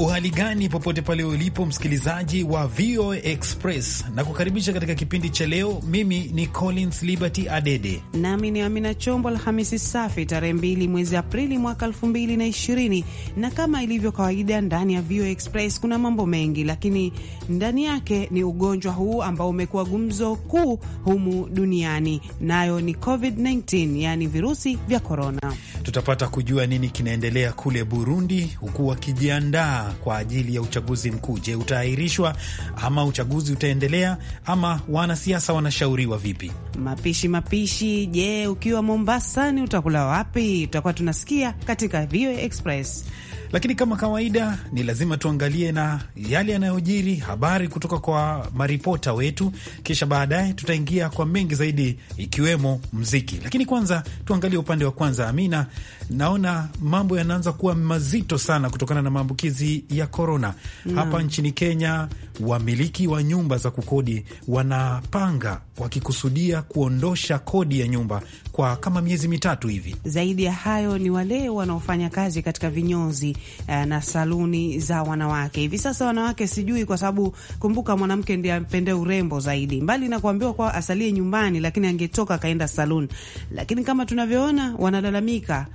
Uhali gani popote pale ulipo msikilizaji wa VOA Express na kukaribisha katika kipindi cha leo. Mimi ni Collins Liberty Adede nami ni Amina Chombo. Alhamisi safi tarehe 2 mwezi Aprili mwaka 2020, na kama ilivyo kawaida ndani ya VOA Express kuna mambo mengi, lakini ndani yake ni ugonjwa huu ambao umekuwa gumzo kuu humu duniani, nayo ni COVID-19, yaani virusi vya korona. Tutapata kujua nini kinaendelea kule Burundi huku wakijiandaa kwa ajili ya uchaguzi mkuu. Je, utaahirishwa ama uchaguzi utaendelea ama wanasiasa wanashauriwa vipi? Mapishi mapishi. Je, ukiwa Mombasani utakula wapi? Tutakuwa tunasikia katika VOA Express. Lakini kama kawaida, ni lazima tuangalie na yale yanayojiri, habari kutoka kwa maripota wetu, kisha baadaye tutaingia kwa mengi zaidi, ikiwemo mziki. Lakini kwanza tuangalie upande wa kwanza. Amina, naona mambo yanaanza kuwa mazito sana kutokana na maambukizi ya korona mm. Hapa nchini Kenya, wamiliki wa nyumba za kukodi wanapanga wakikusudia kuondosha kodi ya nyumba kwa kama miezi mitatu hivi. Zaidi ya hayo ni wale wanaofanya kazi katika vinyozi Eh, na saluni za wanawake. Hivi sasa wanawake sijui, kwa sababu kumbuka, mwanamke ndiye apende urembo zaidi, mbali na kuambiwa kwa asalie nyumbani, lakini angetoka akaenda saluni. Lakini kama tunavyoona wanalalamika,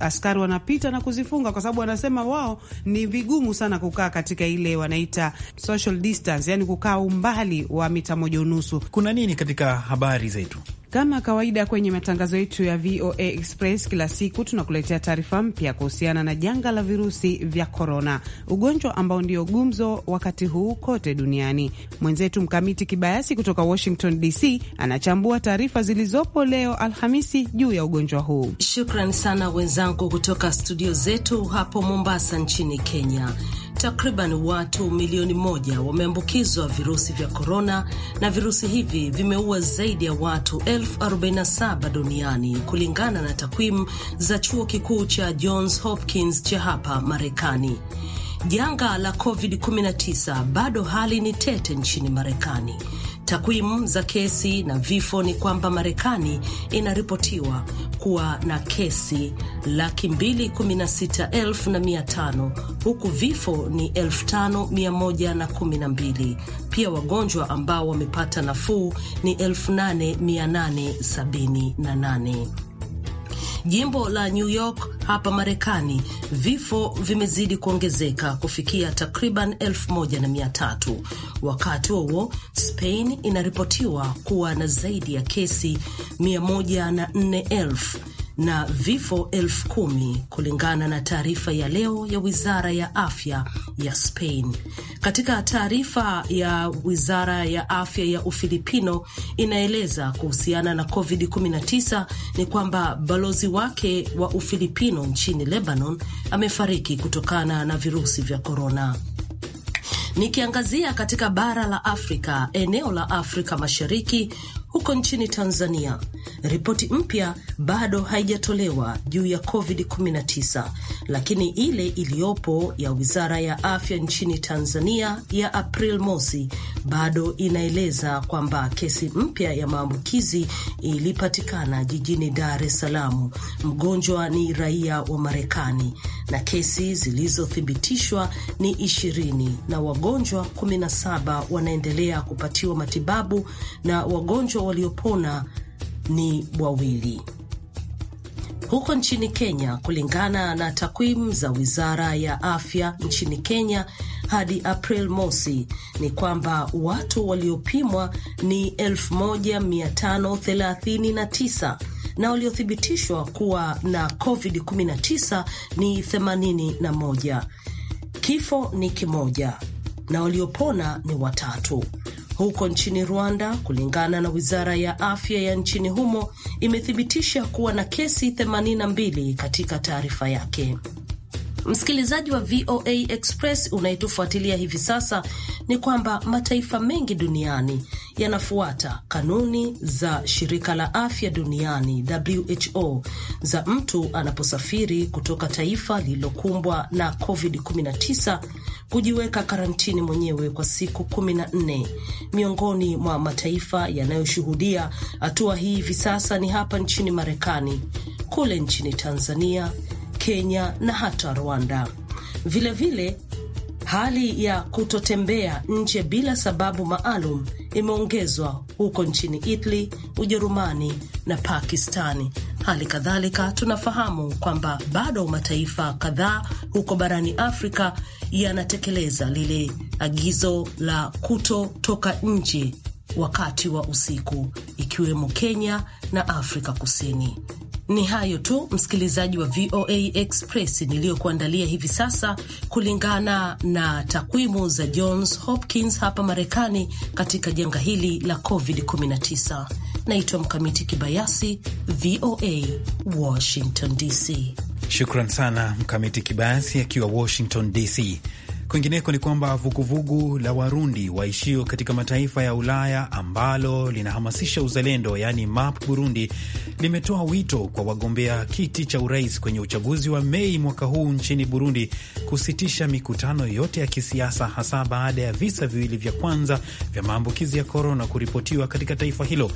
askari wanapita na kuzifunga, kwa sababu wanasema wao ni vigumu sana kukaa katika ile wanaita social distance, yani kukaa umbali wa mita moja unusu. Kuna nini katika habari zetu? Kama kawaida kwenye matangazo yetu ya VOA Express kila siku tunakuletea taarifa mpya kuhusiana na janga la virusi vya korona, ugonjwa ambao ndio gumzo wakati huu kote duniani. Mwenzetu Mkamiti Kibayasi kutoka Washington DC anachambua taarifa zilizopo leo Alhamisi juu ya ugonjwa huu. Shukran sana wenzangu kutoka studio zetu hapo Mombasa nchini Kenya. Takriban watu milioni moja wameambukizwa virusi vya korona na virusi hivi vimeua zaidi ya watu elfu 47 duniani kulingana na takwimu za chuo kikuu cha Johns Hopkins cha hapa Marekani. Janga la COVID-19 bado hali ni tete nchini Marekani Takwimu za kesi na vifo ni kwamba Marekani inaripotiwa kuwa na kesi laki mbili kumi na sita elfu na mia tano huku vifo ni elfu tano mia moja na kumi na mbili. Pia wagonjwa ambao wamepata nafuu ni elfu nane mia nane sabini na nane. Jimbo la New York hapa Marekani, vifo vimezidi kuongezeka kufikia takriban elfu moja na mia tatu. Wakati huo Spain inaripotiwa kuwa na zaidi ya kesi mia moja na nne elfu na vifo elfu kumi kulingana na taarifa ya leo ya wizara ya afya ya Spain. Katika taarifa ya wizara ya afya ya Ufilipino inaeleza kuhusiana na COVID-19 ni kwamba balozi wake wa Ufilipino nchini Lebanon amefariki kutokana na virusi vya korona. Nikiangazia katika bara la Afrika, eneo la Afrika Mashariki, huko nchini Tanzania Ripoti mpya bado haijatolewa juu ya COVID-19, lakini ile iliyopo ya wizara ya afya nchini Tanzania ya April mosi bado inaeleza kwamba kesi mpya ya maambukizi ilipatikana jijini Dar es Salaam. Mgonjwa ni raia wa Marekani na kesi zilizothibitishwa ni ishirini na wagonjwa kumi na saba wanaendelea kupatiwa matibabu na wagonjwa waliopona ni wawili. Huko nchini Kenya, kulingana na takwimu za wizara ya afya nchini Kenya hadi April mosi ni kwamba watu waliopimwa ni 1539 na waliothibitishwa kuwa na COVID-19 ni 81. Kifo ni kimoja na waliopona ni watatu. Huko nchini Rwanda, kulingana na wizara ya afya ya nchini humo, imethibitisha kuwa na kesi 82 katika taarifa yake. Msikilizaji wa VOA Express unayetufuatilia hivi sasa, ni kwamba mataifa mengi duniani yanafuata kanuni za shirika la afya duniani WHO za mtu anaposafiri kutoka taifa lililokumbwa na COVID-19 kujiweka karantini mwenyewe kwa siku kumi na nne. Miongoni mwa mataifa yanayoshuhudia hatua hii hivi sasa ni hapa nchini Marekani, kule nchini Tanzania, Kenya na hata Rwanda vilevile vile, Hali ya kutotembea nje bila sababu maalum imeongezwa huko nchini Italy, Ujerumani na Pakistani. Hali kadhalika tunafahamu kwamba bado mataifa kadhaa huko barani Afrika yanatekeleza lile agizo la kutotoka nje wakati wa usiku, ikiwemo Kenya na Afrika Kusini. Ni hayo tu msikilizaji wa VOA Express niliyokuandalia hivi sasa, kulingana na takwimu za Johns Hopkins hapa Marekani katika janga hili la COVID-19. Naitwa Mkamiti Kibayasi, VOA Washington DC. Shukran sana Mkamiti Kibayasi akiwa Washington DC. Kwingineko ni kwamba vuguvugu la Warundi waishio katika mataifa ya Ulaya ambalo linahamasisha uzalendo, yaani MAP Burundi, limetoa wito kwa wagombea kiti cha urais kwenye uchaguzi wa Mei mwaka huu nchini Burundi kusitisha mikutano yote ya kisiasa, hasa baada ya visa viwili vya kwanza vya maambukizi ya korona kuripotiwa katika taifa hilo.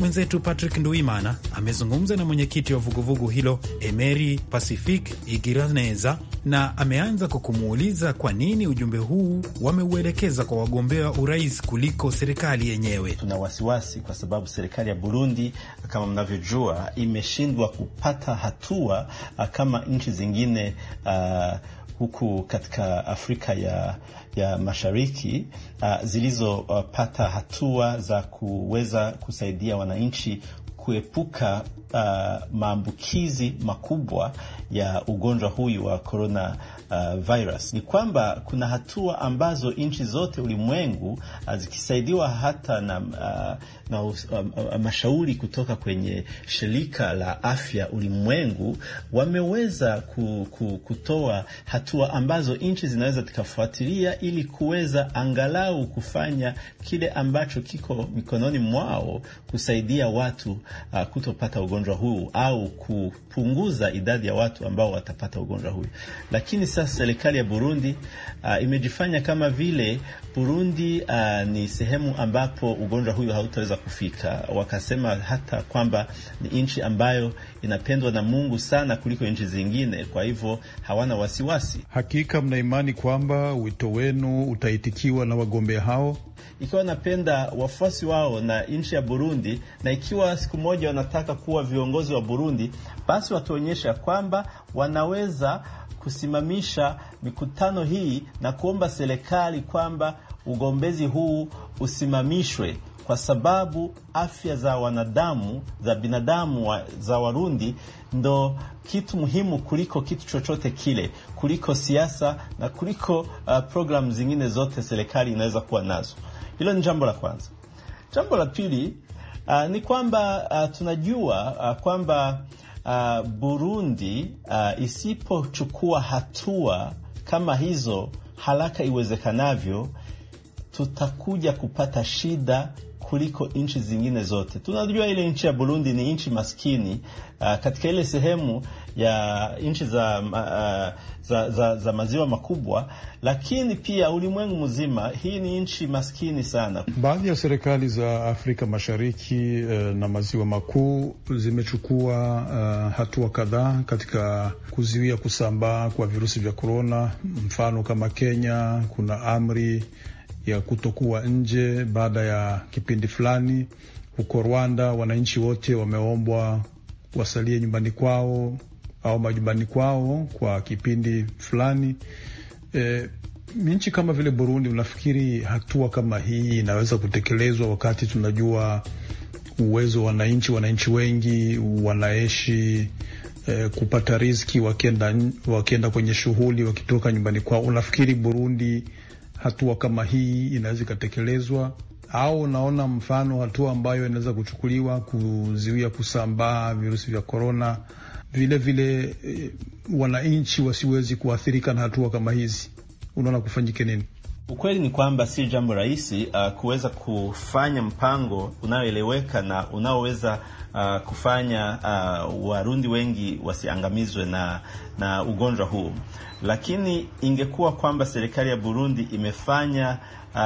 Mwenzetu Patrick Nduimana amezungumza na mwenyekiti wa vuguvugu hilo Emeri Pacific Igiraneza na ameanza kwa kumuuliza kwa nini nini ujumbe huu wameuelekeza kwa wagombea urais kuliko serikali yenyewe? Tuna wasiwasi kwa sababu serikali ya Burundi kama mnavyojua imeshindwa kupata hatua ah, kama nchi zingine uh, huku katika Afrika ya, ya Mashariki uh, zilizopata uh, hatua za kuweza kusaidia wananchi kuepuka uh, maambukizi makubwa ya ugonjwa huyu wa corona uh, virus ni kwamba kuna hatua ambazo nchi zote ulimwengu uh, zikisaidiwa hata na, uh, na uh, uh, mashauri kutoka kwenye shirika la afya ulimwengu wameweza ku, ku, kutoa hatua ambazo nchi zinaweza zikafuatilia ili kuweza angalau kufanya kile ambacho kiko mikononi mwao kusaidia watu uh, kutopata ugonjwa huu au kupunguza idadi ya watu ambao watapata ugonjwa huu. Lakini sasa serikali ya Burundi uh, imejifanya kama vile Burundi uh, ni sehemu ambapo ugonjwa huyu hautaweza kufika. Wakasema hata kwamba ni nchi ambayo inapendwa na Mungu sana kuliko nchi zingine, kwa hivyo hawana wasiwasi. Hakika mna imani kwamba wito wenu utaitikiwa na wagombea hao, ikiwa napenda wafuasi wao na nchi ya Burundi na ikiwa siku moja wanataka kuwa viongozi wa Burundi, basi watuonyesha kwamba wanaweza kusimamisha mikutano hii na kuomba serikali kwamba ugombezi huu usimamishwe kwa sababu afya za wanadamu za binadamu wa, za Warundi ndo kitu muhimu kuliko kitu chochote kile, kuliko siasa na kuliko uh, programu zingine zote serikali inaweza kuwa nazo. Hilo ni jambo la kwanza. Jambo la pili Uh, ni kwamba uh, tunajua uh, kwamba uh, Burundi uh, isipochukua hatua kama hizo haraka iwezekanavyo, tutakuja kupata shida kuliko nchi zingine zote. Tunajua ile nchi ya Burundi ni nchi maskini uh, katika ile sehemu ya nchi za, uh, za, za, za maziwa makubwa, lakini pia ulimwengu mzima. Hii ni nchi maskini sana. Baadhi ya serikali za Afrika Mashariki uh, na maziwa makuu zimechukua uh, hatua kadhaa katika kuzuia kusambaa kwa virusi vya korona. Mfano kama Kenya, kuna amri ya kutokuwa nje baada ya kipindi fulani. Huko Rwanda, wananchi wote wameombwa wasalie nyumbani kwao au majumbani kwao kwa kipindi fulani. E, nchi kama vile Burundi, unafikiri hatua kama hii inaweza kutekelezwa wakati tunajua uwezo wa wananchi, wananchi wengi wanaishi e, kupata riziki wakienda, wakienda kwenye shughuli wakitoka nyumbani kwao. Unafikiri Burundi hatua kama hii inaweza ikatekelezwa, au unaona mfano hatua ambayo inaweza kuchukuliwa kuzuia kusambaa virusi vya korona vilevile e, eh, wananchi wasiwezi kuathirika na hatua kama hizi? Unaona kufanyike nini? Ukweli ni kwamba si jambo rahisi uh, kuweza kufanya mpango unaoeleweka na unaoweza uh, kufanya uh, Warundi wengi wasiangamizwe na, na ugonjwa huu, lakini ingekuwa kwamba serikali ya Burundi imefanya uh,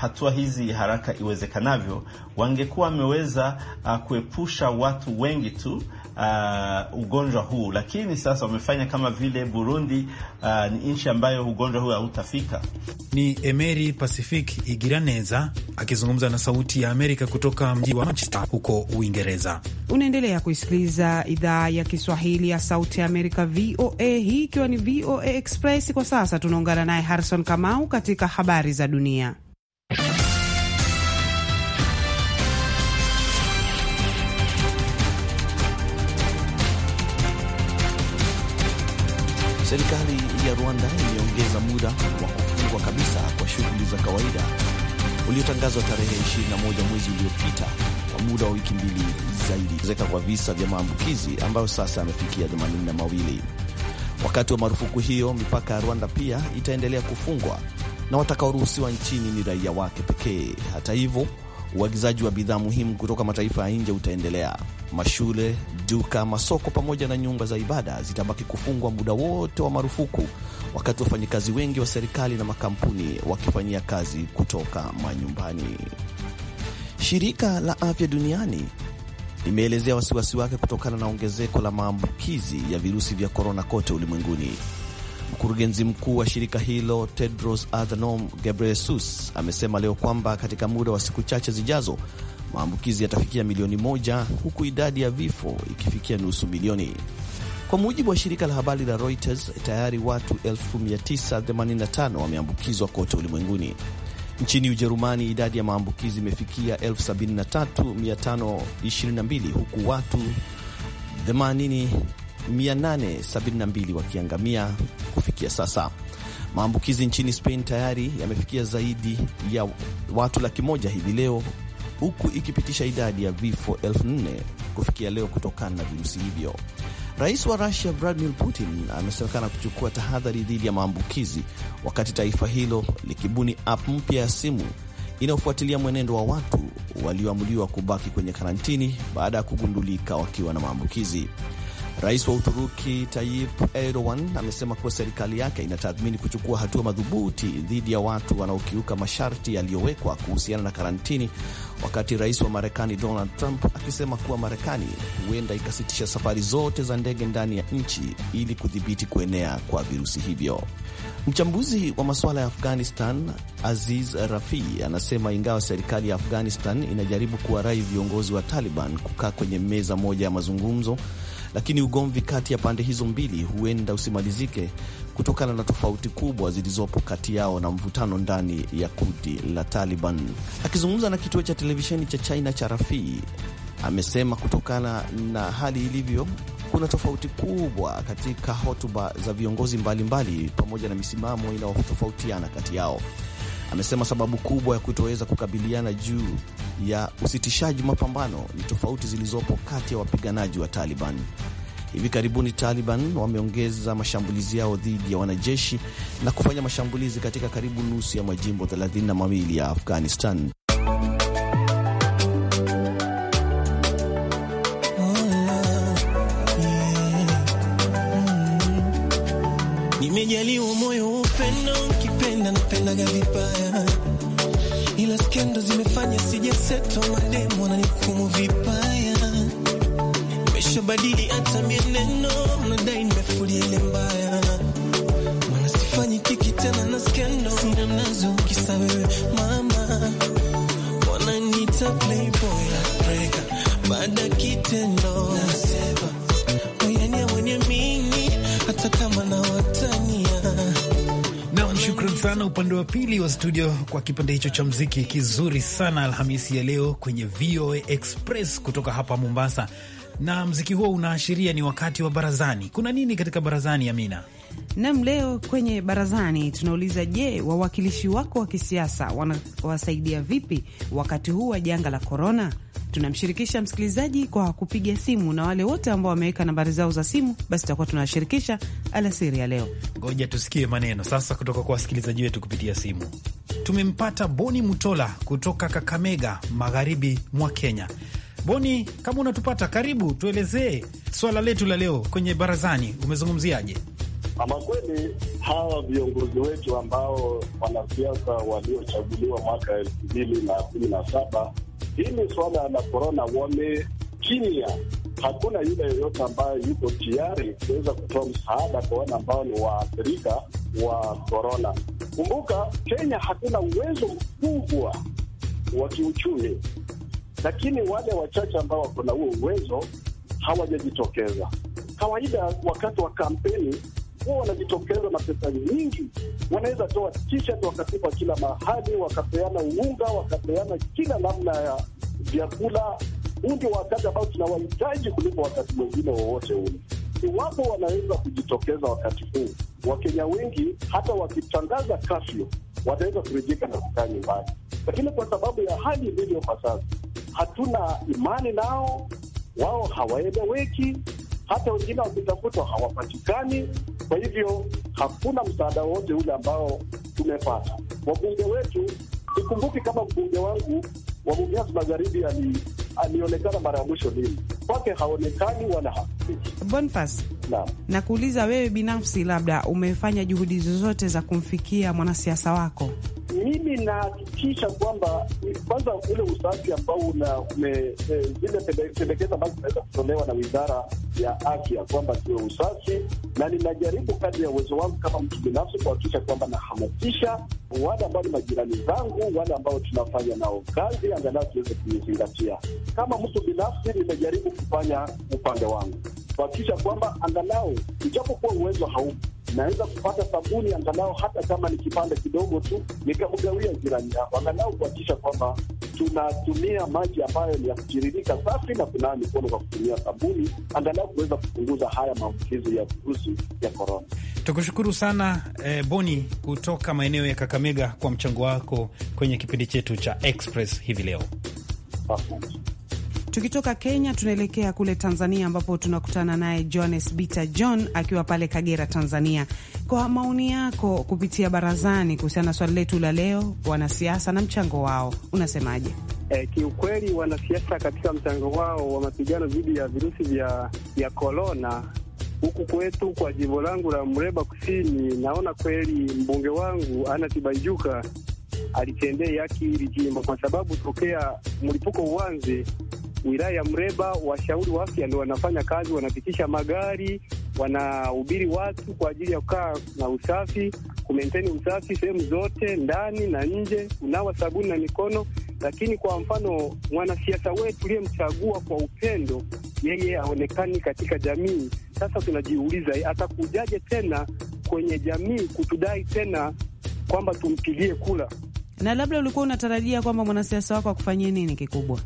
hatua hizi haraka iwezekanavyo, wangekuwa wameweza uh, kuepusha watu wengi tu uh, ugonjwa huu, lakini sasa wamefanya kama vile Burundi uh, ni nchi ambayo ugonjwa huu hautafika. Ni Emeri Pacific Igiraneza akizungumza na Sauti ya Amerika kutoka mji wa Manchester huko Uingereza. Unaendelea kuisikiliza idhaa ya Kiswahili ya Sauti ya Amerika, VOA, hii ikiwa ni VOA Express. Kwa sasa tunaungana naye Harrison Kamau katika habari za dunia. Serikali ya Rwanda imeongeza muda wa kufungwa kabisa kwa shughuli za kawaida uliotangazwa tarehe 21 mwezi uliopita kwa muda wa wiki mbili zaidi, zeka kwa visa vya maambukizi ambayo sasa yamefikia themanini na mawili. Wakati wa marufuku hiyo, mipaka ya Rwanda pia itaendelea kufungwa na watakaoruhusiwa nchini ni raia wake pekee. Hata hivyo, uagizaji wa bidhaa muhimu kutoka mataifa ya nje utaendelea. Mashule, duka, masoko pamoja na nyumba za ibada zitabaki kufungwa muda wote wa marufuku, wakati wafanyakazi wengi wa serikali na makampuni wakifanyia kazi kutoka manyumbani. Shirika la Afya Duniani limeelezea wasiwasi wake kutokana na ongezeko la maambukizi ya virusi vya korona kote ulimwenguni. Mkurugenzi mkuu wa shirika hilo Tedros Adhanom Ghebreyesus amesema leo kwamba katika muda wa siku chache zijazo maambukizi yatafikia milioni moja huku idadi ya vifo ikifikia nusu milioni. Kwa mujibu wa shirika la habari la Reuters, tayari watu 985 wameambukizwa kote ulimwenguni. Nchini Ujerumani, idadi ya maambukizi imefikia 73522 huku watu 80872 wakiangamia kufikia sasa. Maambukizi nchini Spain tayari yamefikia zaidi ya watu laki moja hivi leo, huku ikipitisha idadi ya vifo elfu nne kufikia leo kutokana na virusi hivyo. Rais wa Rusia Vladimir Putin amesemekana kuchukua tahadhari dhidi ya maambukizi, wakati taifa hilo likibuni app mpya ya simu inayofuatilia mwenendo wa watu walioamuliwa kubaki kwenye karantini baada ya kugundulika wakiwa na maambukizi. Rais wa Uturuki Tayyip Erdogan amesema kuwa serikali yake inatathmini kuchukua hatua madhubuti dhidi ya watu wanaokiuka masharti yaliyowekwa kuhusiana na karantini, wakati rais wa Marekani Donald Trump akisema kuwa Marekani huenda ikasitisha safari zote za ndege ndani ya nchi ili kudhibiti kuenea kwa virusi hivyo. Mchambuzi wa masuala ya Afghanistan Aziz Rafi anasema ingawa serikali ya Afghanistan inajaribu kuwarai viongozi wa Taliban kukaa kwenye meza moja ya mazungumzo lakini ugomvi kati ya pande hizo mbili huenda usimalizike kutokana na tofauti kubwa zilizopo kati yao na mvutano ndani ya kundi la Taliban. Akizungumza na kituo cha televisheni cha China cha Rafii, amesema kutokana na hali ilivyo kuna tofauti kubwa katika hotuba za viongozi mbalimbali mbali, pamoja na misimamo inayotofautiana kati yao. Amesema sababu kubwa ya kutoweza kukabiliana juu ya usitishaji mapambano ni tofauti zilizopo kati ya wapiganaji wa Taliban. Hivi karibuni Taliban wameongeza mashambulizi yao dhidi ya wanajeshi na kufanya mashambulizi katika karibu nusu ya majimbo 32 ya Afghanistan. Nimejaliwa moyo upendo, ukipenda napendaga na skendo zimefanya sijaseto, mademu wananikumu vibaya, nimeshabadili hata mieneno, mnadai nimefulia ile mbaya, mwana sifanyi kiki tena na skendo sina nazo, kisa wewe mama wananiita playboy, baada kitendo nasema sana upande wa pili wa studio kwa kipande hicho cha mziki kizuri sana Alhamisi ya leo kwenye VOA Express kutoka hapa Mombasa. Na mziki huo unaashiria ni wakati wa barazani. Kuna nini katika barazani, Amina? Nam, leo kwenye barazani tunauliza, je, wawakilishi wako wa kisiasa wanawasaidia vipi wakati huu wa janga la korona? tunamshirikisha msikilizaji kwa kupiga simu, na wale wote ambao wameweka nambari zao za simu, basi tutakuwa tunawashirikisha alasiri ya leo. Ngoja tusikie maneno sasa kutoka kwa wasikilizaji wetu kupitia simu. Tumempata Boni Mutola kutoka Kakamega, magharibi mwa Kenya. Boni, kama unatupata karibu, tuelezee swala letu la leo kwenye barazani, umezungumziaje? Ama kweli hawa viongozi wetu ambao wanasiasa waliochaguliwa mwaka elfu mbili na kumi na saba hili suala la korona wamekimya. Hakuna yule yoyote ambaye yuko tayari kuweza kutoa msaada kwa wale ambao ni waathirika wa korona. Kumbuka, Kenya hakuna uwezo mkubwa wa kiuchumi, lakini wale wachache ambao wako na huo uwezo hawajajitokeza. Kawaida wakati wa kampeni huwa wanajitokeza na pesa nyingi, wanaweza toa tishati wakatupa kila mahali, wakapeana unga, wakapeana kila namna ya vyakula. Huu ndio wakati ambao tunawahitaji kuliko wakati mwingine wowote ule. Iwapo wanaweza kujitokeza wakati huu, Wakenya wengi hata wakitangaza kafyu wataweza kurejeka na kukaa nyumbani, lakini kwa sababu ya hali ilivyo kwa sasa, hatuna imani nao, wao hawaeleweki, hata wengine wakitafutwa hawapatikani. Kwa hivyo hakuna msaada wote ule ambao tumepata. Wabunge wetu, sikumbuki kama mbunge wangu wa Mumias Magharibi ali alionekana mara ya mwisho lini. Kwake haonekani wala hasikiki. Bonfas, naam, nakuuliza wewe binafsi, labda umefanya juhudi zozote za kumfikia mwanasiasa wako? hili linahakikisha kwamba kwanza ule usafi ambao una ume, eh, zile pendekezo ambazo zinaweza kutolewa na wizara ya afya kwamba ziwe usafi, na ninajaribu kadri ya uwezo wangu kama mtu binafsi kuhakikisha kwamba nahamasisha wale ambao ni majirani zangu, wale ambao tunafanya nao kazi, angalau tuweze kuizingatia. Kama mtu binafsi, nimejaribu kufanya upande wangu kuhakikisha kwamba angalau ijapokuwa uwezo haupo naweza kupata sabuni angalau hata kama ni kipande kidogo tu, nikamgawia jirani yako, angalau kuhakikisha kwamba tunatumia maji ambayo ni ya kutiririka safi na kunawa mikono kwa kutumia sabuni, angalau kuweza kupunguza haya maambukizi ya virusi ya korona. Tukushukuru sana eh, Boni kutoka maeneo ya Kakamega kwa mchango wako kwenye kipindi chetu cha Express hivi leo. Asante. Tukitoka Kenya tunaelekea kule Tanzania, ambapo tunakutana naye Johannes Bita John akiwa pale Kagera, Tanzania. Kwa maoni yako kupitia barazani kuhusiana na swali letu la leo, wanasiasa na mchango wao, unasemaje? E, kiukweli wanasiasa katika mchango wao wa mapigano dhidi ya virusi vya vya korona huku kwetu kwa jimbo langu la Mreba Kusini, naona kweli mbunge wangu ana Tibaijuka alitendea haki hili jimbo, kwa sababu tokea mlipuko uanze wilaya ya Mreba, washauri wa afya ndio wanafanya kazi, wanapitisha magari, wanahubiri watu kwa ajili ya kukaa na usafi, kumenteni usafi sehemu zote, ndani na nje, unawa sabuni na mikono. Lakini kwa mfano mwanasiasa wetu uliyemchagua kwa upendo, yeye aonekani katika jamii. Sasa tunajiuliza atakujaje tena kwenye jamii kutudai tena kwamba tumpigie kula? Na labda ulikuwa unatarajia kwamba mwanasiasa wako akufanyie nini kikubwa?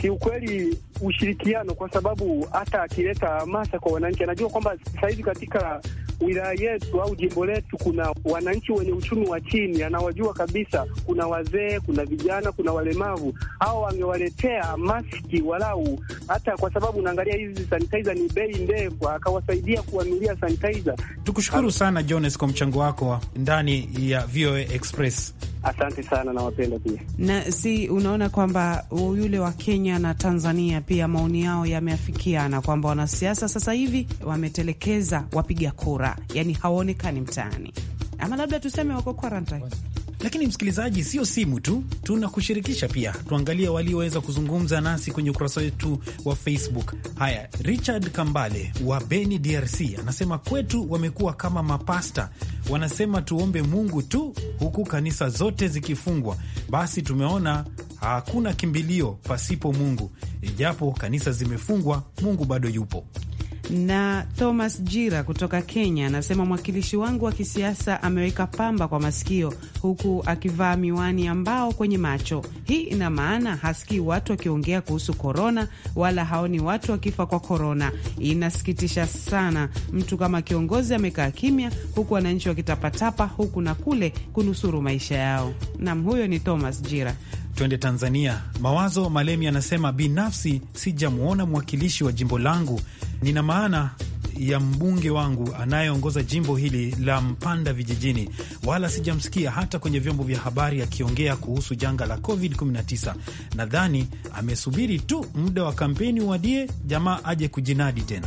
kiukweli ushirikiano, kwa sababu hata akileta hamasa kwa wananchi, anajua kwamba sahizi katika wilaya yetu au jimbo letu kuna wananchi wenye uchumi wa chini, anawajua kabisa. Kuna wazee, kuna vijana, kuna walemavu. Hao wangewaletea maski walau, hata kwa sababu unaangalia hizi sanitizer ni bei ndefu, akawasaidia kuwanulia sanitizer. Tukushukuru sana Jones kwa mchango wako ndani ya VOA Express. Asante sana na wapenda pia. Na si unaona kwamba yule wa Kenya na Tanzania pia maoni yao yameafikiana kwamba wanasiasa sasa hivi wametelekeza wapiga kura, yani hawaonekani mtaani, ama labda tuseme wako quarantine. Lakini msikilizaji, sio simu tu tunakushirikisha pia. Tuangalie walioweza kuzungumza nasi kwenye ukurasa wetu wa Facebook. Haya, Richard Kambale wa Beni, DRC anasema kwetu wamekuwa kama mapasta, wanasema tuombe Mungu tu, huku kanisa zote zikifungwa. Basi tumeona hakuna kimbilio pasipo Mungu, ijapo kanisa zimefungwa, Mungu bado yupo na Thomas Jira kutoka Kenya anasema mwakilishi wangu wa kisiasa ameweka pamba kwa masikio huku akivaa miwani ya mbao kwenye macho. Hii ina maana hasikii watu wakiongea kuhusu korona wala haoni watu wakifa kwa korona. Inasikitisha sana, mtu kama kiongozi amekaa kimya huku wananchi wakitapatapa huku na kule kunusuru maisha yao. Nam, huyo ni Thomas Jira. Twende Tanzania. Mawazo Malemi anasema binafsi sijamwona mwakilishi wa jimbo langu nina maana ya mbunge wangu anayeongoza jimbo hili la Mpanda vijijini, wala sijamsikia hata kwenye vyombo vya habari akiongea kuhusu janga la COVID-19. Nadhani amesubiri tu muda wa kampeni uadie, jamaa aje kujinadi tena.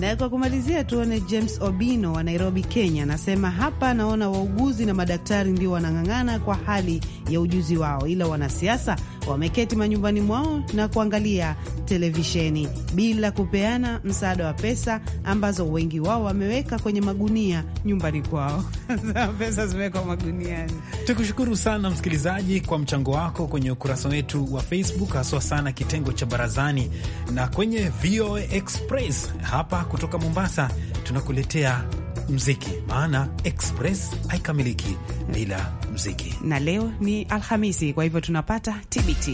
Na kwa kumalizia, tuone James Obino wa Nairobi, Kenya, anasema hapa anaona wauguzi na madaktari ndio wanang'ang'ana kwa hali ya ujuzi wao, ila wanasiasa wameketi manyumbani mwao na kuangalia televisheni bila kupeana msaada wa pesa ambazo wengi wao wameweka kwenye magunia nyumbani kwao. Pesa zimewekwa maguniani. Tukushukuru sana msikilizaji kwa mchango wako kwenye ukurasa wetu wa Facebook, haswa sana kitengo cha barazani na kwenye VOA Express hapa kutoka Mombasa tunakuletea mziki, maana express haikamiliki bila mziki. Na leo ni Alhamisi, kwa hivyo tunapata TBT.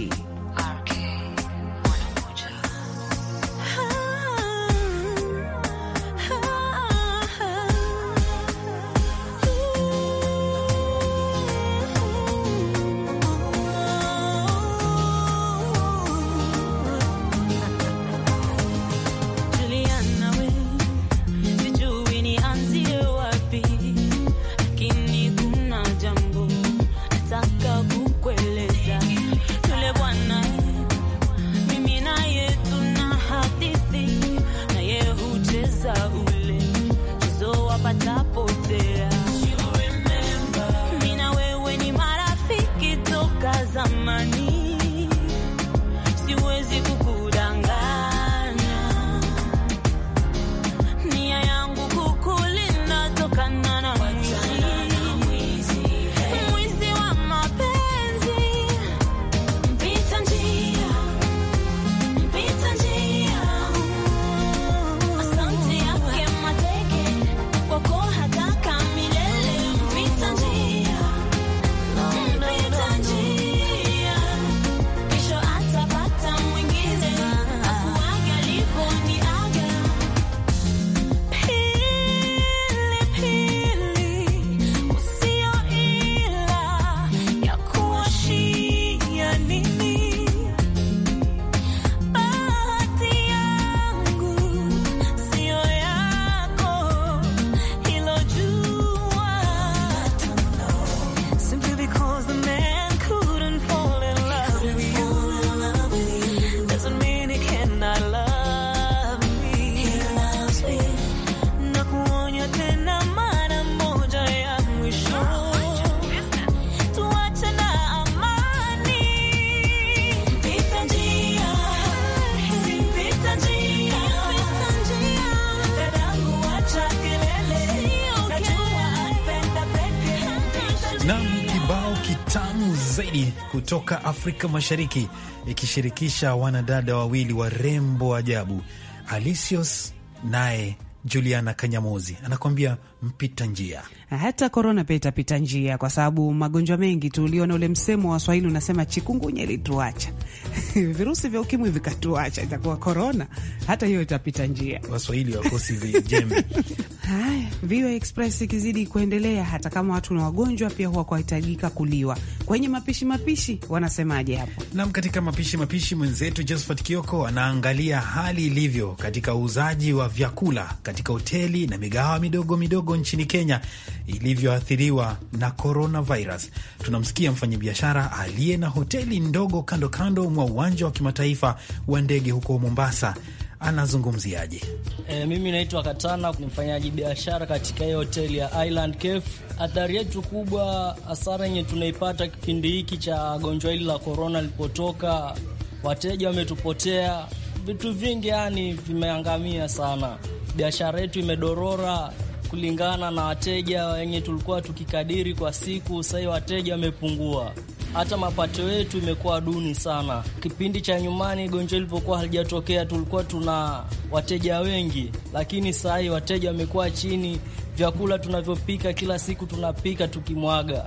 Idi kutoka Afrika Mashariki ikishirikisha wanadada wawili warembo ajabu, Alisios naye Juliana Kanyamozi anakuambia mpita njia hata korona pia itapita njia, kwa sababu magonjwa mengi tu. Uliona ule msemo wa Waswahili unasema chikungunya ilituacha virusi vya ukimwi vikatuacha, itakuwa korona, hata hiyo itapita njia. Waswahili wakosi vijembe Haya, VOA Express ikizidi kuendelea, hata kama watu na wagonjwa pia huwa kwahitajika kuliwa kwenye mapishi. Mapishi wanasemaje hapo? Nam, katika mapishi mapishi, mwenzetu Josephat Kioko anaangalia hali ilivyo katika uuzaji wa vyakula katika hoteli na migahawa midogo midogo nchini Kenya ilivyoathiriwa na coronavirus. Tunamsikia mfanyabiashara aliye na hoteli ndogo kando kando mwa uwanja wa kimataifa wa ndege huko Mombasa anazungumziaje? E, mimi naitwa Katana, ni mfanyaji biashara katika hiyo hoteli ya Island Cafe. Athari yetu kubwa, hasara yenye tunaipata kipindi hiki cha gonjwa hili la korona lipotoka wateja wametupotea, vitu vingi yani vimeangamia sana, biashara yetu imedorora kulingana na wateja wenye tulikuwa tukikadiri kwa siku, sahii wateja wamepungua hata mapato yetu imekuwa duni sana. Kipindi cha nyumani gonjwa ilipokuwa halijatokea, tulikuwa tuna wateja wengi, lakini saa hii wateja wamekuwa chini. Vyakula tunavyopika kila siku tunapika tukimwaga,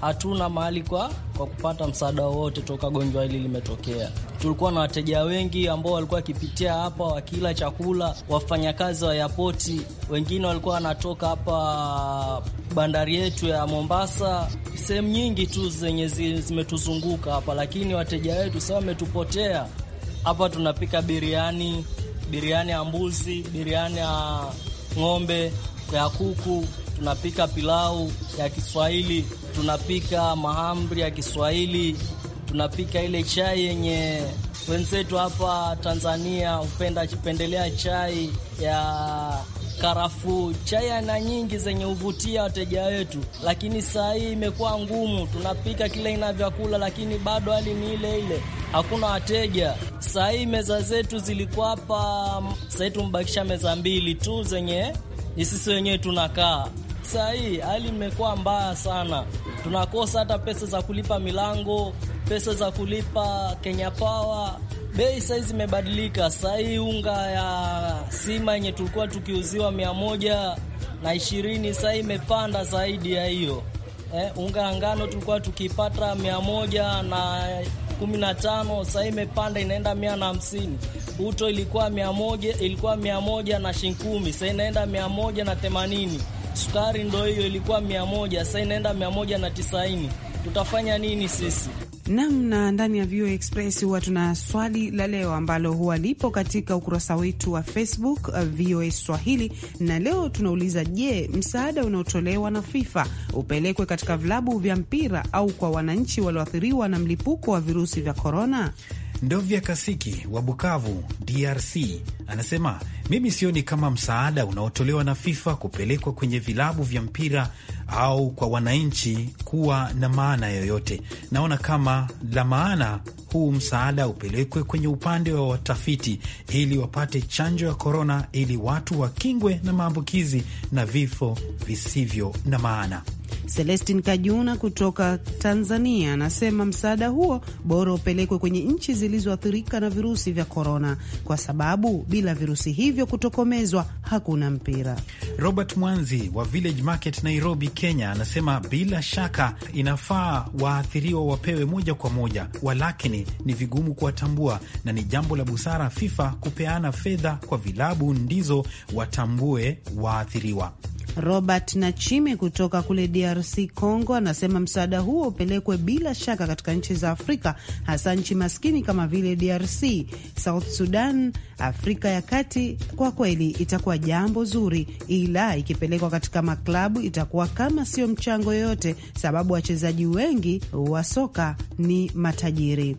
hatuna mahali kwa kwa kupata msaada wowote toka gonjwa hili limetokea. Tulikuwa na wateja wengi ambao walikuwa wakipitia hapa wakila chakula, wafanyakazi wa yapoti wengine walikuwa wanatoka hapa bandari yetu ya Mombasa sehemu nyingi tu zenye zimetuzunguka hapa, lakini wateja wetu sasa wametupotea hapa. Tunapika biriani, biriani ya mbuzi, biriani ya ng'ombe, ya kuku, tunapika pilau ya Kiswahili, tunapika mahamri ya Kiswahili, tunapika ile chai yenye wenzetu hapa Tanzania hupenda pendelea chai ya karafuu, chai aina nyingi zenye uvutia wateja wetu, lakini saa hii imekuwa ngumu. Tunapika kila aina vyakula, lakini bado hali ni ile ile, hakuna wateja. Saa hii meza zetu zilikuwa hapa, saa hii tumebakisha meza mbili tu zenye ni sisi wenyewe tunakaa. Saa hii hali imekuwa mbaya sana, tunakosa hata pesa za kulipa milango, pesa za kulipa Kenya Power bei sasa imebadilika. Sasa hii unga ya sima yenye tulikuwa tukiuziwa mia moja na ishirini sasa imepanda zaidi ya hiyo. Eh, unga ya ngano tulikuwa tukipata mia moja na kumi na tano sasa imepanda inaenda mia na hamsini. Uto ilikuwa mia moja ilikuwa mia moja na shilingi kumi sasa inaenda mia moja na themanini. Sukari ndo hiyo ilikuwa mia moja sasa inaenda mia moja na tisaini. Tutafanya nini sisi? namna ndani ya VOA Express huwa tuna swali la leo ambalo huwa lipo katika ukurasa wetu wa Facebook uh, VOA Swahili, na leo tunauliza je, msaada unaotolewa na FIFA upelekwe katika vilabu vya mpira au kwa wananchi walioathiriwa na mlipuko wa virusi vya korona? Ndovya Kasiki wa Bukavu, DRC, anasema mimi sioni kama msaada unaotolewa na FIFA kupelekwa kwenye vilabu vya mpira au kwa wananchi kuwa na maana yoyote. Naona kama la maana huu msaada upelekwe kwenye upande wa watafiti ili wapate chanjo ya korona, ili watu wakingwe na maambukizi na vifo visivyo na maana. Celestin Kajuna kutoka Tanzania anasema msaada huo bora upelekwe kwenye nchi zilizoathirika na virusi vya korona, kwa sababu bila virusi hivyo kutokomezwa hakuna mpira. Robert Mwanzi wa Village Market, Nairobi, Kenya, anasema bila shaka inafaa waathiriwa wapewe moja kwa moja, walakini ni vigumu kuwatambua na ni jambo la busara FIFA kupeana fedha kwa vilabu ndizo watambue waathiriwa. Robert Nachime kutoka kule DRC Congo anasema msaada huo upelekwe bila shaka katika nchi za Afrika, hasa nchi maskini kama vile DRC, South Sudan, Afrika ya Kati. Kwa kweli itakuwa jambo zuri, ila ikipelekwa katika maklabu itakuwa kama sio mchango yoyote, sababu wachezaji wengi wa soka ni matajiri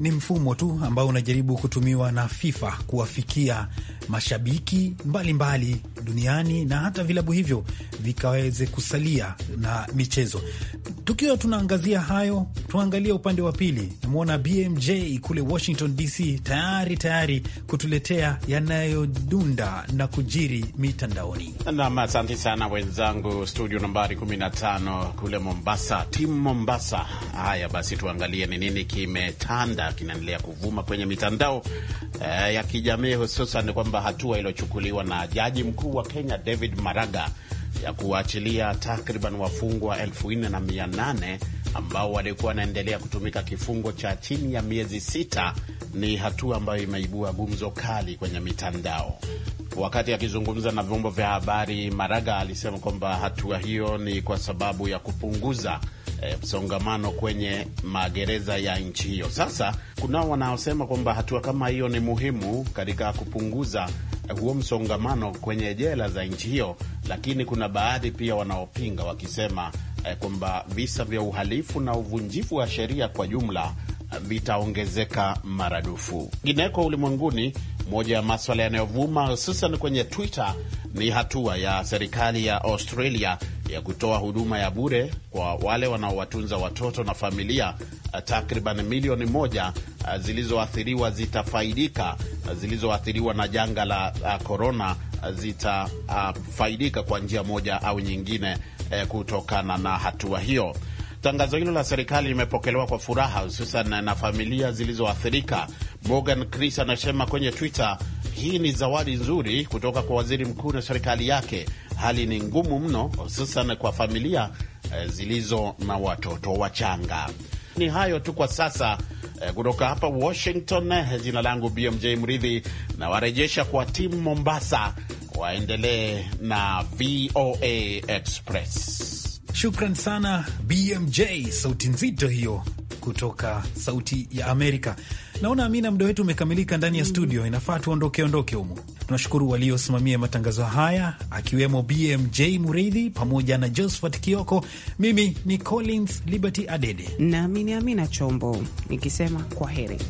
ni mfumo tu ambao unajaribu kutumiwa na FIFA kuwafikia mashabiki mbalimbali mbali duniani na hata vilabu hivyo vikaweze kusalia na michezo. Tukiwa tunaangazia hayo, tuangalie upande wa pili. Namwona BMJ kule Washington DC, tayari tayari kutuletea yanayodunda na kujiri mitandaoni. Nam, asante sana wenzangu, studio nambari 15 kule Mombasa, timu Mombasa. Haya basi, tuangalie ni nini kimetanda, kinaendelea kuvuma kwenye mitandao eh, ya kijamii, hususan kwamba hatua iliyochukuliwa na jaji mkuu wa Kenya David Maraga ya kuwaachilia takriban wafungwa 4800 ambao walikuwa wanaendelea kutumika kifungo cha chini ya miezi sita ni hatua ambayo imeibua gumzo kali kwenye mitandao. Wakati akizungumza na vyombo vya habari, Maraga alisema kwamba hatua hiyo ni kwa sababu ya kupunguza eh, msongamano kwenye magereza ya nchi hiyo. Sasa kunao wanaosema kwamba hatua kama hiyo ni muhimu katika kupunguza huo msongamano kwenye jela za nchi hiyo, lakini kuna baadhi pia wanaopinga wakisema eh, kwamba visa vya uhalifu na uvunjifu wa sheria kwa jumla vitaongezeka maradufu. Gineko ulimwenguni, moja ya maswala yanayovuma hususan kwenye Twitter ni hatua ya serikali ya Australia ya kutoa huduma ya bure kwa wale wanaowatunza watoto na familia. Takriban milioni moja zilizoathiriwa zitafaidika, zilizoathiriwa na janga la korona zitafaidika kwa njia moja au nyingine e, kutokana na hatua hiyo. Tangazo hilo la serikali limepokelewa kwa furaha, hususan na familia zilizoathirika. Morgan Chris anasema kwenye Twitter, hii ni zawadi nzuri kutoka kwa waziri mkuu na serikali yake. Hali ni ngumu mno, hususan kwa familia eh, zilizo na watoto wachanga. Ni hayo tu kwa sasa eh, kutoka hapa Washington. Eh, jina langu BMJ Mridhi, nawarejesha kwa timu Mombasa waendelee na VOA Express. Shukran sana BMJ, sauti nzito hiyo kutoka Sauti ya Amerika. Naona Amina, muda wetu umekamilika ndani ya studio, inafaa tuondoke ondoke humo. Tunashukuru waliosimamia matangazo haya akiwemo BMJ Muridhi pamoja na Josephat Kioko. Mimi ni Collins Liberty Adede nami ni Amina Chombo nikisema kwa heri.